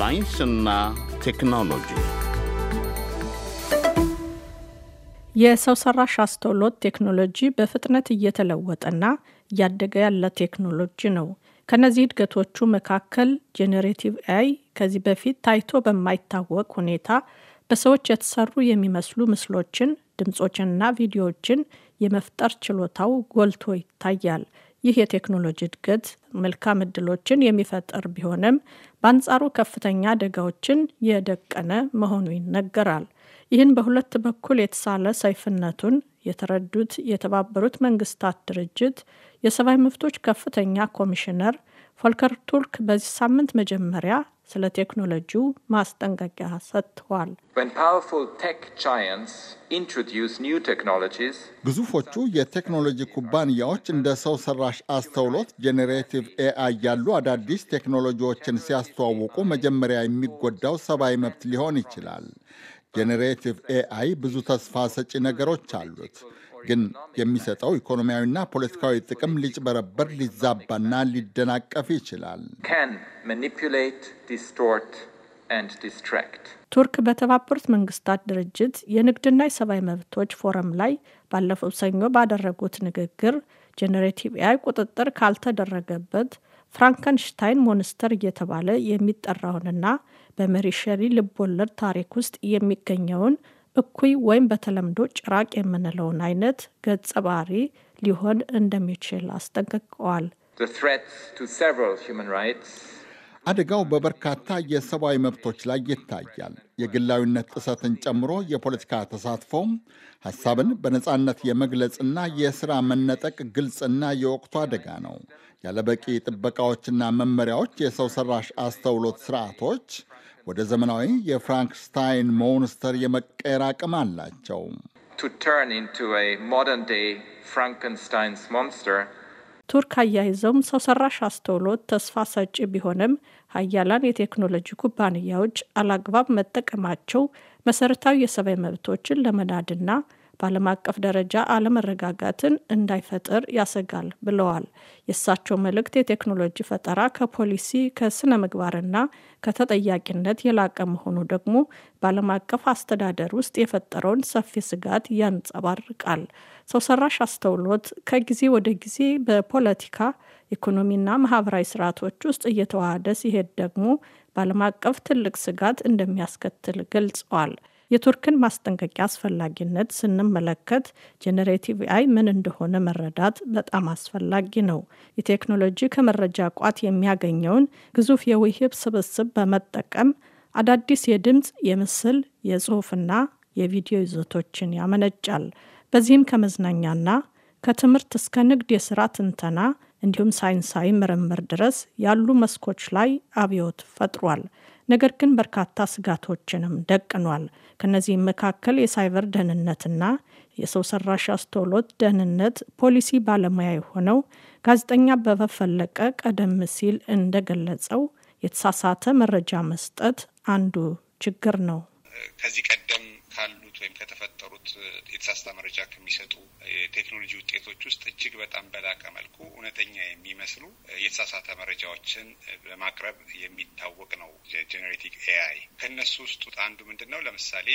ሳይንስና ቴክኖሎጂ የሰው ሰራሽ አስተውሎት ቴክኖሎጂ በፍጥነት እየተለወጠና እያደገ ያለ ቴክኖሎጂ ነው። ከነዚህ እድገቶቹ መካከል ጄኔሬቲቭ ኤአይ ከዚህ በፊት ታይቶ በማይታወቅ ሁኔታ በሰዎች የተሰሩ የሚመስሉ ምስሎችን፣ ድምፆችንና ቪዲዮዎችን የመፍጠር ችሎታው ጎልቶ ይታያል። ይህ የቴክኖሎጂ እድገት መልካም እድሎችን የሚፈጠር ቢሆንም በአንጻሩ ከፍተኛ አደጋዎችን የደቀነ መሆኑ ይነገራል። ይህን በሁለት በኩል የተሳለ ሰይፍነቱን የተረዱት የተባበሩት መንግስታት ድርጅት የሰብአዊ መብቶች ከፍተኛ ኮሚሽነር ፎልከር ቱርክ በዚህ ሳምንት መጀመሪያ ስለ ቴክኖሎጂው ማስጠንቀቂያ ሰጥተዋል። ግዙፎቹ የቴክኖሎጂ ኩባንያዎች እንደ ሰው ሰራሽ አስተውሎት ጄኔሬቲቭ ኤአይ ያሉ አዳዲስ ቴክኖሎጂዎችን ሲያስተዋውቁ መጀመሪያ የሚጎዳው ሰብአዊ መብት ሊሆን ይችላል። ጄኔሬቲቭ ኤአይ ብዙ ተስፋ ሰጪ ነገሮች አሉት። ግን የሚሰጠው ኢኮኖሚያዊና ፖለቲካዊ ጥቅም ሊጭበረበር፣ ሊዛባና ሊደናቀፍ ይችላል። ቱርክ በተባበሩት መንግስታት ድርጅት የንግድና የሰብአዊ መብቶች ፎረም ላይ ባለፈው ሰኞ ባደረጉት ንግግር ጄኔሬቲቭ ኤአይ ቁጥጥር ካልተደረገበት ፍራንከንሽታይን ሞንስተር እየተባለ የሚጠራውንና በሜሪ ሸሪ ልቦለድ ታሪክ ውስጥ የሚገኘውን እኩይ ወይም በተለምዶ ጭራቅ የምንለውን አይነት ገጸ ባህሪ ሊሆን እንደሚችል አስጠንቅቀዋል። አደጋው በበርካታ የሰብአዊ መብቶች ላይ ይታያል። የግላዊነት ጥሰትን ጨምሮ የፖለቲካ ተሳትፎ፣ ሐሳብን በነፃነት የመግለጽና የሥራ መነጠቅ ግልጽና የወቅቱ አደጋ ነው። ያለበቂ ጥበቃዎችና መመሪያዎች፣ የሰው ሰራሽ አስተውሎት ስርዓቶች ወደ ዘመናዊ የፍራንክስታይን ሞንስተር የመቀየር አቅም አላቸው። ቱርክ አያይዘውም ሰው ሰራሽ አስተውሎት ተስፋ ሰጪ ቢሆንም ሀያላን የቴክኖሎጂ ኩባንያዎች አላግባብ መጠቀማቸው መሰረታዊ የሰብአዊ መብቶችን ለመናድና በዓለም አቀፍ ደረጃ አለመረጋጋትን እንዳይፈጥር ያሰጋል ብለዋል። የእሳቸው መልእክት የቴክኖሎጂ ፈጠራ ከፖሊሲ ከስነ ምግባርና ከተጠያቂነት የላቀ መሆኑ ደግሞ በዓለም አቀፍ አስተዳደር ውስጥ የፈጠረውን ሰፊ ስጋት ያንጸባርቃል። ሰው ሰራሽ አስተውሎት ከጊዜ ወደ ጊዜ በፖለቲካ ኢኮኖሚና ማህበራዊ ስርዓቶች ውስጥ እየተዋሃደ ሲሄድ ደግሞ በዓለም አቀፍ ትልቅ ስጋት እንደሚያስከትል ገልጸዋል። የቱርክን ማስጠንቀቂያ አስፈላጊነት ስንመለከት ጄኔሬቲቭ አይ ምን እንደሆነ መረዳት በጣም አስፈላጊ ነው። የቴክኖሎጂ ከመረጃ ቋት የሚያገኘውን ግዙፍ የውሂብ ስብስብ በመጠቀም አዳዲስ የድምፅ፣ የምስል፣ የጽሁፍና የቪዲዮ ይዘቶችን ያመነጫል። በዚህም ከመዝናኛና ከትምህርት እስከ ንግድ፣ የስራ ትንተና እንዲሁም ሳይንሳዊ ምርምር ድረስ ያሉ መስኮች ላይ አብዮት ፈጥሯል። ነገር ግን በርካታ ስጋቶችንም ደቅኗል። ከነዚህም መካከል የሳይበር ደህንነትና የሰው ሰራሽ አስተውሎት ደህንነት ፖሊሲ ባለሙያ የሆነው ጋዜጠኛ አበበ ፈለቀ ቀደም ሲል እንደገለጸው የተሳሳተ መረጃ መስጠት አንዱ ችግር ነው። ከዚህ ቀደም ወይም ከተፈጠሩት የተሳሳተ መረጃ ከሚሰጡ የቴክኖሎጂ ውጤቶች ውስጥ እጅግ በጣም በላቀ መልኩ እውነተኛ የሚመስሉ የተሳሳተ መረጃዎችን በማቅረብ የሚታወቅ ነው ጀኔሬቲቭ ኤአይ። ከእነሱ ውስጥ አንዱ ምንድን ነው? ለምሳሌ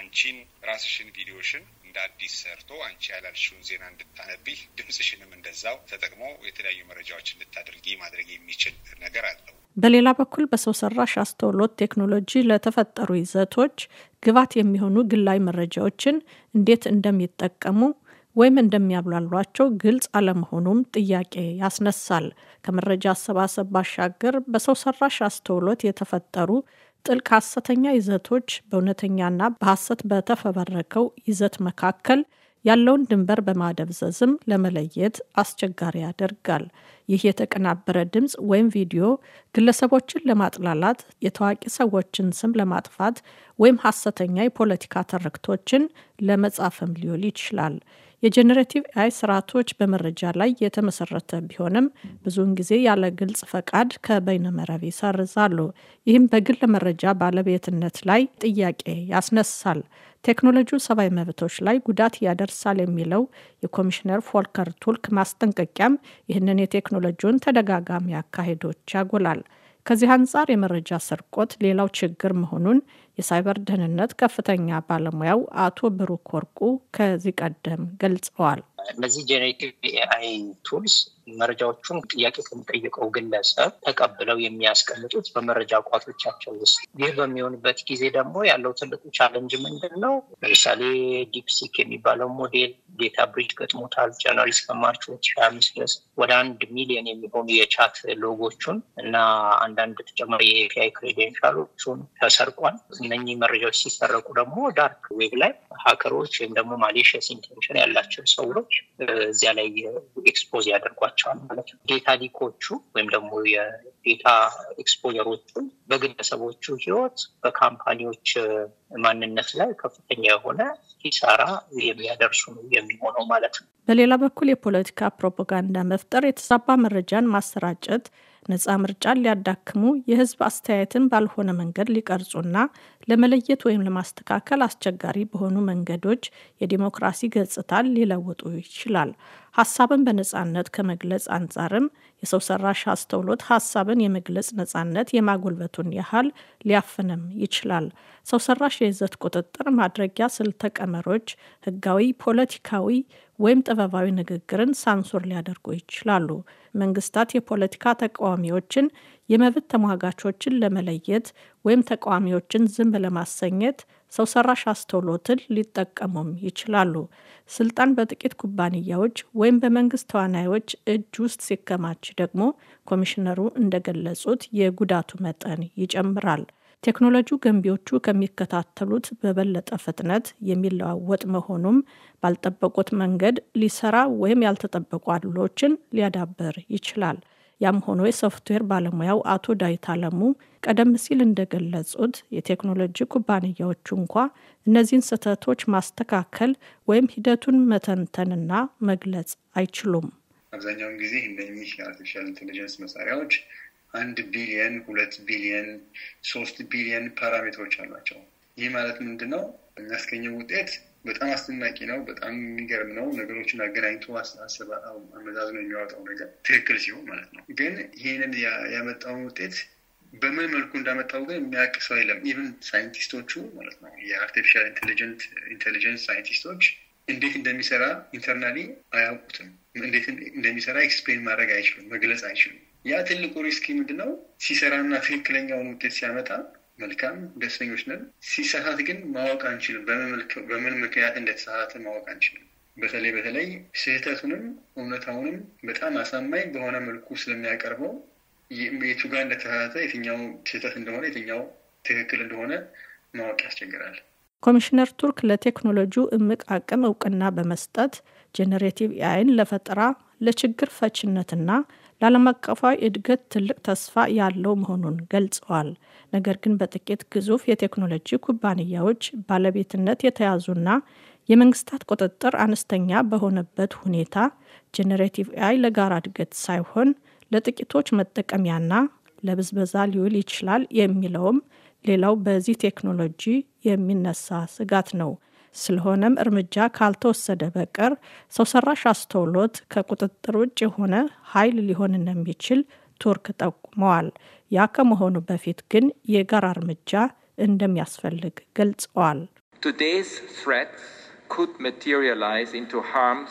አንቺን ራስሽን ቪዲዮሽን እንደ አዲስ ሰርቶ አንቺ ያላልሽውን ዜና እንድታነቢህ ድምጽሽንም እንደዛው ተጠቅሞ የተለያዩ መረጃዎች እንድታደርጊ ማድረግ የሚችል ነገር አለው። በሌላ በኩል በሰው ሰራሽ አስተውሎት ቴክኖሎጂ ለተፈጠሩ ይዘቶች ግባት የሚሆኑ ግላዊ መረጃዎችን እንዴት እንደሚጠቀሙ ወይም እንደሚያብላሏቸው ግልጽ አለመሆኑም ጥያቄ ያስነሳል። ከመረጃ አሰባሰብ ባሻገር በሰው ሰራሽ አስተውሎት የተፈጠሩ ጥልቅ ሐሰተኛ ይዘቶች በእውነተኛና በሐሰት በተፈበረከው ይዘት መካከል ያለውን ድንበር በማደብዘዝም ለመለየት አስቸጋሪ ያደርጋል። ይህ የተቀናበረ ድምፅ ወይም ቪዲዮ ግለሰቦችን ለማጥላላት፣ የታዋቂ ሰዎችን ስም ለማጥፋት ወይም ሐሰተኛ የፖለቲካ ተረክቶችን ለመጻፍም ሊውል ይችላል። የጀነሬቲቭ ኤአይ ስርዓቶች በመረጃ ላይ የተመሰረተ ቢሆንም ብዙውን ጊዜ ያለ ግልጽ ፈቃድ ከበይነመረብ ይሰርዛሉ። ይህም በግል መረጃ ባለቤትነት ላይ ጥያቄ ያስነሳል። ቴክኖሎጂው ሰብአዊ መብቶች ላይ ጉዳት ያደርሳል የሚለው የኮሚሽነር ፎልከር ቱልክ ማስጠንቀቂያም ይህንን የቴክኖሎጂውን ተደጋጋሚ አካሄዶች ያጎላል። ከዚህ አንጻር የመረጃ ስርቆት ሌላው ችግር መሆኑን የሳይበር ደህንነት ከፍተኛ ባለሙያው አቶ ብሩክ ወርቁ ከዚህ ቀደም ገልጸዋል። እነዚህ ጄኔሬቲቭ ኤአይ ቱልስ መረጃዎቹን ጥያቄ ከሚጠይቀው ግለሰብ ተቀብለው የሚያስቀምጡት በመረጃ ቋቶቻቸው ውስጥ። ይህ በሚሆንበት ጊዜ ደግሞ ያለው ትልቁ ቻለንጅ ምንድን ነው? ለምሳሌ ዲፕሲክ የሚባለው ሞዴል ዴታ ብሪጅ ገጥሞታል። ጃንዋሪ እስከ ማርች ሁለት ሺህ አምስት ድረስ ወደ አንድ ሚሊዮን የሚሆኑ የቻት ሎጎቹን እና አንዳንድ ተጨማሪ የኤፒአይ ክሬዴንሻሎቹን ተሰርቋል። እነኚህ መረጃዎች ሲሰረቁ ደግሞ ዳርክ ዌብ ላይ ሀከሮች ወይም ደግሞ ማሌሽስ ኢንቴንሽን ያላቸው ሰው ነው ሰዎች እዚያ ላይ ኤክስፖዝ ያደርጓቸዋል ማለት ነው። ዴታ ሊኮቹ ወይም ደግሞ የዴታ ኤክስፖዘሮቹ በግለሰቦቹ ህይወት፣ በካምፓኒዎች ማንነት ላይ ከፍተኛ የሆነ ኪሳራ የሚያደርሱ ነው የሚሆነው ማለት ነው። በሌላ በኩል የፖለቲካ ፕሮፓጋንዳ መፍጠር፣ የተዛባ መረጃን ማሰራጨት ነፃ ምርጫን ሊያዳክሙ የህዝብ አስተያየትን ባልሆነ መንገድ ሊቀርጹና ለመለየት ወይም ለማስተካከል አስቸጋሪ በሆኑ መንገዶች የዲሞክራሲ ገጽታን ሊለውጡ ይችላል። ሀሳብን በነፃነት ከመግለጽ አንጻርም የሰው ሰራሽ አስተውሎት ሀሳብን የመግለጽ ነፃነት የማጎልበቱን ያህል ሊያፍንም ይችላል። ሰው ሰራሽ የይዘት ቁጥጥር ማድረጊያ ስልተ ቀመሮች ህጋዊ፣ ፖለቲካዊ ወይም ጥበባዊ ንግግርን ሳንሱር ሊያደርጉ ይችላሉ። መንግስታት የፖለቲካ ተቃዋሚዎችን፣ የመብት ተሟጋቾችን ለመለየት ወይም ተቃዋሚዎችን ዝም ለማሰኘት ሰው ሰራሽ አስተውሎትን ሊጠቀሙም ይችላሉ። ስልጣን በጥቂት ኩባንያዎች ወይም በመንግስት ተዋናዮች እጅ ውስጥ ሲከማች ደግሞ ኮሚሽነሩ እንደገለጹት የጉዳቱ መጠን ይጨምራል። ቴክኖሎጂ ገንቢዎቹ ከሚከታተሉት በበለጠ ፍጥነት የሚለዋወጥ መሆኑም ባልጠበቁት መንገድ ሊሰራ ወይም ያልተጠበቁ አድሎችን ሊያዳበር ይችላል። ያም ሆኖ የሶፍትዌር ባለሙያው አቶ ዳዊት አለሙ ቀደም ሲል እንደገለጹት የቴክኖሎጂ ኩባንያዎቹ እንኳ እነዚህን ስህተቶች ማስተካከል ወይም ሂደቱን መተንተንና መግለጽ አይችሉም። አብዛኛውን ጊዜ እነኚህ የአርቲፊሻል ኢንቴሊጀንስ መሳሪያዎች አንድ ቢሊየን፣ ሁለት ቢሊየን፣ ሶስት ቢሊየን ፓራሜትሮች አሏቸው። ይህ ማለት ምንድን ነው? የሚያስገኘው ውጤት በጣም አስደናቂ ነው። በጣም የሚገርም ነው። ነገሮችን አገናኝቶ አመዛዝ ነው የሚያወጣው ነገር ትክክል ሲሆን ማለት ነው። ግን ይህንን ያመጣውን ውጤት በምን መልኩ እንዳመጣው ግን የሚያውቅ ሰው የለም። ኢቨን ሳይንቲስቶቹ ማለት ነው የአርቲፊሻል ኢንቴሊጀንት ኢንቴሊጀንስ ሳይንቲስቶች እንዴት እንደሚሰራ ኢንተርናሊ አያውቁትም። እንዴት እንደሚሰራ ኤክስፕሌን ማድረግ አይችሉም፣ መግለጽ አይችሉም። ያ ትልቁ ሪስክ ምንድነው? ሲሰራና ትክክለኛውን ውጤት ሲያመጣ መልካም ደስተኞች ነን። ሲሳሳት ግን ማወቅ አንችልም። በምን ምክንያት እንደተሳሳተ ማወቅ አንችልም። በተለይ በተለይ ስህተቱንም እውነታውንም በጣም አሳማኝ በሆነ መልኩ ስለሚያቀርበው የቱ ጋር እንደተሳሳተ፣ የትኛው ስህተት እንደሆነ፣ የትኛው ትክክል እንደሆነ ማወቅ ያስቸግራል። ኮሚሽነር ቱርክ ለቴክኖሎጂው እምቅ አቅም እውቅና በመስጠት ጄኔሬቲቭ ኤአይን ለፈጠራ ለችግር ፈችነትና ለዓለም አቀፋዊ እድገት ትልቅ ተስፋ ያለው መሆኑን ገልጸዋል። ነገር ግን በጥቂት ግዙፍ የቴክኖሎጂ ኩባንያዎች ባለቤትነት የተያዙና የመንግስታት ቁጥጥር አነስተኛ በሆነበት ሁኔታ ጄኔሬቲቭ ኤአይ ለጋራ እድገት ሳይሆን ለጥቂቶች መጠቀሚያና ለብዝበዛ ሊውል ይችላል የሚለውም ሌላው በዚህ ቴክኖሎጂ የሚነሳ ስጋት ነው። ስለሆነም እርምጃ ካልተወሰደ በቀር ሰው ሰራሽ አስተውሎት ከቁጥጥር ውጭ የሆነ ኃይል ሊሆን እንደሚችል ቱርክ ጠቁመዋል። ያ ከመሆኑ በፊት ግን የጋራ እርምጃ እንደሚያስፈልግ ገልጸዋል።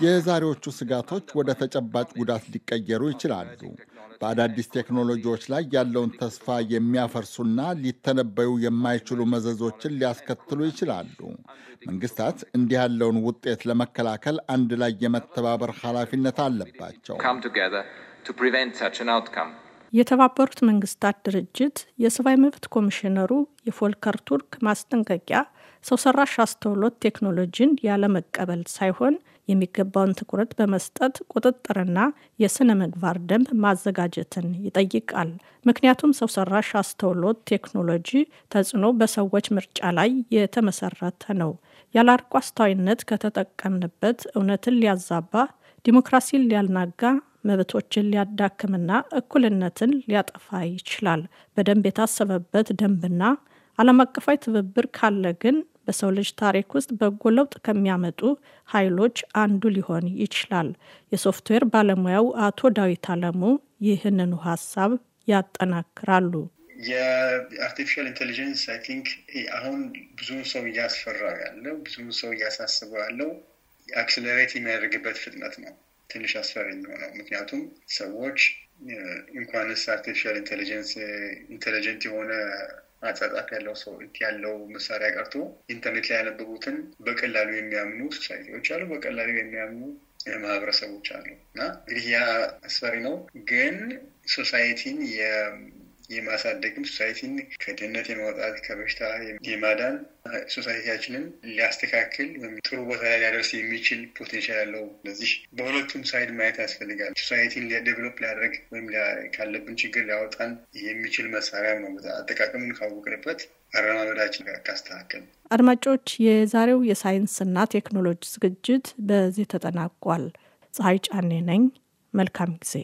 የዛሬዎቹ ስጋቶች ወደ ተጨባጭ ጉዳት ሊቀየሩ ይችላሉ። በአዳዲስ ቴክኖሎጂዎች ላይ ያለውን ተስፋ የሚያፈርሱና ሊተነበዩ የማይችሉ መዘዞችን ሊያስከትሉ ይችላሉ። መንግስታት እንዲህ ያለውን ውጤት ለመከላከል አንድ ላይ የመተባበር ኃላፊነት አለባቸው። የተባበሩት መንግስታት ድርጅት የሰብአዊ መብት ኮሚሽነሩ የፎልከር ቱርክ ማስጠንቀቂያ ሰው ሰራሽ አስተውሎት ቴክኖሎጂን ያለመቀበል ሳይሆን የሚገባውን ትኩረት በመስጠት ቁጥጥርና የስነ ምግባር ደንብ ማዘጋጀትን ይጠይቃል። ምክንያቱም ሰው ሰራሽ አስተውሎት ቴክኖሎጂ ተጽዕኖ በሰዎች ምርጫ ላይ የተመሰረተ ነው። ያለ አርቆ አስተዋይነት ከተጠቀምንበት እውነትን ሊያዛባ፣ ዲሞክራሲን ሊያልናጋ መብቶችን ሊያዳክምና እኩልነትን ሊያጠፋ ይችላል። በደንብ የታሰበበት ደንብና ዓለም አቀፋዊ ትብብር ካለ ግን በሰው ልጅ ታሪክ ውስጥ በጎ ለውጥ ከሚያመጡ ኃይሎች አንዱ ሊሆን ይችላል። የሶፍትዌር ባለሙያው አቶ ዳዊት አለሙ ይህንኑ ሀሳብ ያጠናክራሉ። የአርቲፊሻል ኢንቴሊጀንስ አይ ቲንክ አሁን ብዙ ሰው እያስፈራው ያለው ብዙ ሰው እያሳስበው ያለው አክስለሬት የሚያደርግበት ፍጥነት ነው ትንሽ አስፈሪ የሚሆነው ምክንያቱም ሰዎች እንኳንስ አርቲፊሻል ኢንቴሊጀንስ ኢንቴሊጀንት የሆነ አጻጻፍ ያለው ሰው ያለው መሳሪያ ቀርቶ ኢንተርኔት ላይ ያነበቡትን በቀላሉ የሚያምኑ ሶሳይቲዎች አሉ፣ በቀላሉ የሚያምኑ ማህበረሰቦች አሉ። እና እንግዲህ ያ አስፈሪ ነው ግን ሶሳይቲን የማሳደግም ሶሳይቲን ከድህነት የመውጣት ከበሽታ የማዳን ሶሳይቲያችንን ሊያስተካክል ወይም ጥሩ ቦታ ላይ ሊያደርስ የሚችል ፖቴንሻል ያለው። ስለዚህ በሁለቱም ሳይድ ማየት ያስፈልጋል። ሶሳይቲን ዴቨሎፕ ሊያደርግ ወይም ካለብን ችግር ሊያወጣን የሚችል መሳሪያ ነው። አጠቃቀሙን ካወቅንበት አረማመዳችን ካስተካከል። አድማጮች፣ የዛሬው የሳይንስና ቴክኖሎጂ ዝግጅት በዚህ ተጠናቋል። ፀሐይ ጫኔ ነኝ። መልካም ጊዜ